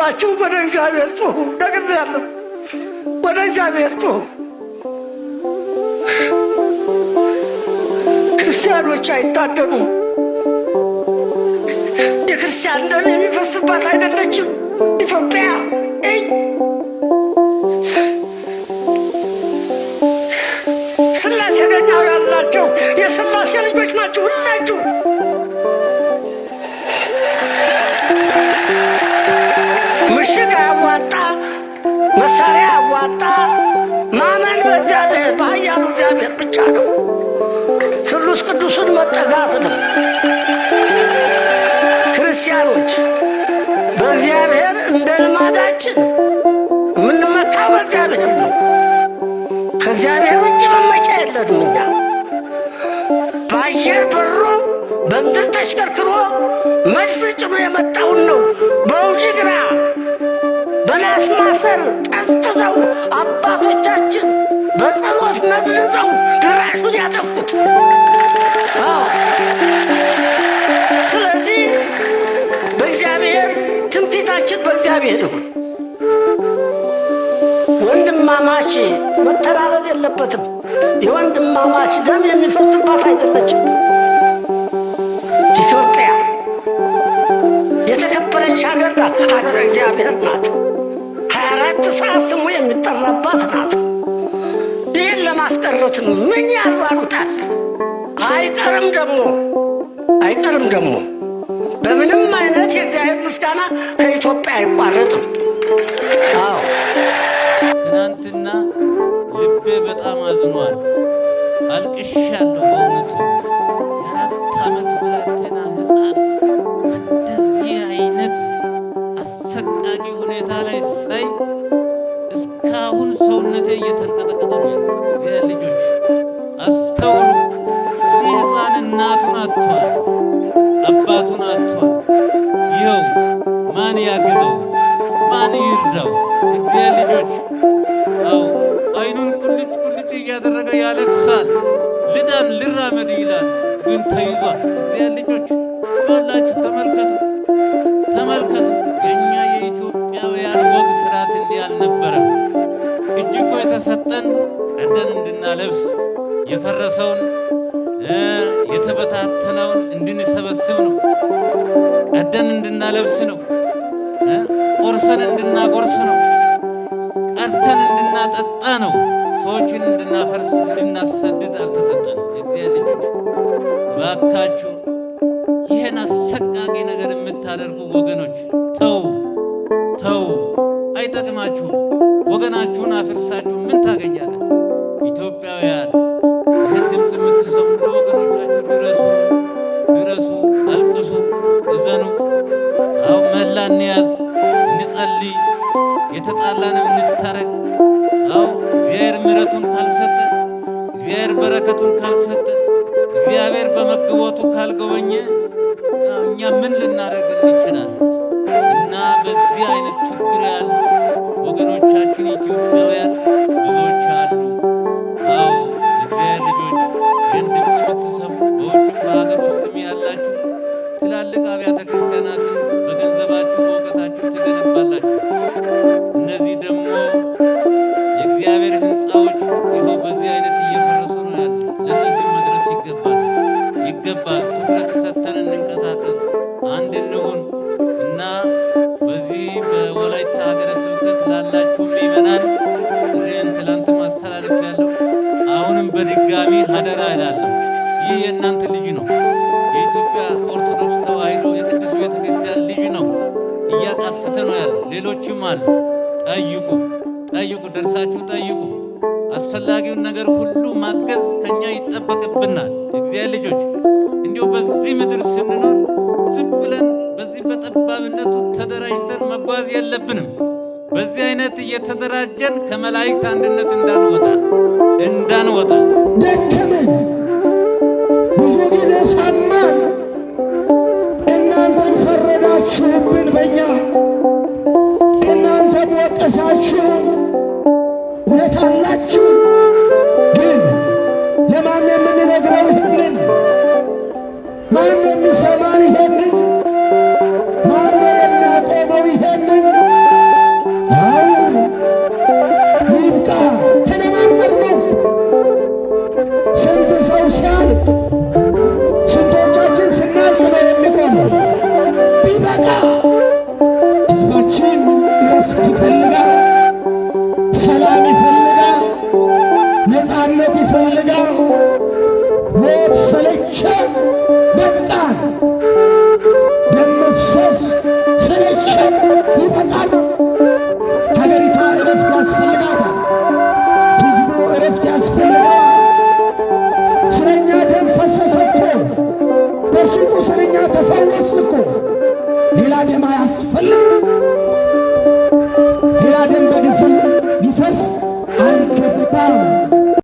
ሁላችሁ ወደ እግዚአብሔር ጩሁ። ነግሬያለሁ፣ ወደ እግዚአብሔር ጩሁ። ክርስቲያኖች አይታደሙ። የክርስቲያን ደም የሚፈስባት አይደለችም ኢትዮጵያ። መሳሪያ ያዋጣ ማመን በእግዚአብሔር በኃያሉ እግዚአብሔር ብቻ ነው። ስሉስ ቅዱስን መጠጋት ነው። ክርስቲያኖች በእግዚአብሔር እንደ ልማዳችን የምንመካው እግዚአብሔር ነው። ከእግዚአብሔር ውጭ መመኪያ የለንም። እኛ በአየር በሮ በምድር ተሽከርክሮ በጸሎት መዝንዘው ድራሹን ያጠፉት። ስለዚህ በእግዚአብሔር ትንፊታችን በእግዚአብሔር ይሁን። ወንድማማች መተላለፍ የለበትም። የወንድማማች ደም የሚፈስባት አይደለችም ኢትዮጵያ የተከበረች ሀገር ናት። ሀገር እግዚአብሔር ናት። ሀያ አራት ሰዓት ስሙ የሚጠራባት ናት። አልቀሩትም። ምን ያሯሩታል? አይቀርም ደግሞ አይቀርም ደግሞ በምንም አይነት የእግዚአብሔር ምስጋና ከኢትዮጵያ አይቋረጥም። አዎ ትናንትና ልቤ በጣም አዝኗል፣ አልቅሻለሁ በእውነቱ የአራት ዓመት ብላቴና ሕፃን በእንደዚህ አይነት አሰቃቂ ሁኔታ ላይ ሳይ አሁን ሰውነቴ እየተንቀጠቀጠ ነው። እግዚአብሔር ልጆች አስተውሉ። ይህ ሕፃን እናቱን አጥቷል፣ አባቱን አጥቷል። ይኸው ማን ያግዘው? ማን ይርዳው? እግዚአብሔር ልጆች አው አይኑን ቁልጭ ቁልጭ እያደረገ ያለቅሳል። ልዳን ልራመድ ይላል፣ ግን ተይዟል። እግዚአብሔር ልጆች ባላችሁ ተመልከቱ፣ ተመልከቱ ስለሰጠን ቀደን እንድናለብስ የፈረሰውን የተበታተነውን እንድንሰበስብ ነው። ቀደን እንድናለብስ ነው። ቆርሰን እንድናጎርስ ነው። ቀርተን እንድናጠጣ ነው። ሰዎችን እንድናፈርስ እንድናሰድድ አልተሰጠንም። እግዚአብሔር ልጆች እባካችሁ ይህን አሰቃቂ ነገር የምታደርጉ ወገኖች ተው ተው፣ አይጠቅማችሁም። ወገናችሁን አፍርሳችሁ ምን ታገኛለን? ኢትዮጵያውያን ይህን ድምፅ የምትሰሙ ለወገኖቻችሁ ድረሱ፣ ድረሱ፣ አልቅሱ፣ እዘኑ። አሁ መላ እንያዝ፣ እንጸልይ፣ የተጣላንም እንታረቅ። አሁ እግዚአብሔር ምሕረቱን ካልሰጠ፣ እግዚአብሔር በረከቱን ካልሰጠ፣ እግዚአብሔር በመግቦቱ ካልጎበኘ እኛ ምን ልናደርግ እንችላለን? እና በዚህ አይነት ችግር ያለ ኢትዮጵያውያን ብዙዎች አሉ። አዎ እግዚአብሔር ልጆች ይህን ድምፅ ብትሰሙ በውጭም በሀገር ውስጥም ያላችሁ ትላልቅ አብያተ ክርስቲያናትን በገንዘባችሁ በእውቀታችሁ ትገነባላችሁ። እነዚህ ደግሞ የእግዚአብሔር ሕንፃዎች ይኸው በዚህ አይነት እየፈረሱ ነው ያሉት። ለእነዚህ መድረስ ይገባል ይገባል። ትኩረት ሰጥተን እንንቀሳቀስ። በድጋሚ አደራ እላለሁ። ይህ የእናንተ ልጅ ነው። የኢትዮጵያ ኦርቶዶክስ ተዋሕዶ የቅዱስ ቤተ ክርስቲያን ልጅ ነው። እያቃስተ ነው ያለ። ሌሎችም አሉ። ጠይቁ፣ ጠይቁ፣ ደርሳችሁ ጠይቁ። አስፈላጊውን ነገር ሁሉ ማገዝ ከኛ ይጠበቅብናል። እግዚአብሔር ልጆች እንዲሁ በዚህ ምድር ስንኖር ዝም ብለን በዚህ በጠባብነቱ ተደራጅተን መጓዝ የለብንም። በዚህ አይነት እየተደራጀን ከመላእክት አንድነት እንዳንወጣ እንዳንወጣ ደከመን፣ ብዙ ጊዜ ሰማን። እናንተም ፈረዳችሁብን በእኛ እናንተም ወቀሳችሁ። እውነት አላችሁ፣ ግን ለማን የምንነግረው ይህንን? ማን የሚሰማን ይሄንን? ሰላም ይፈልጋል፣ ነፃነት ይፈልጋል። ሞት ሰለቸን።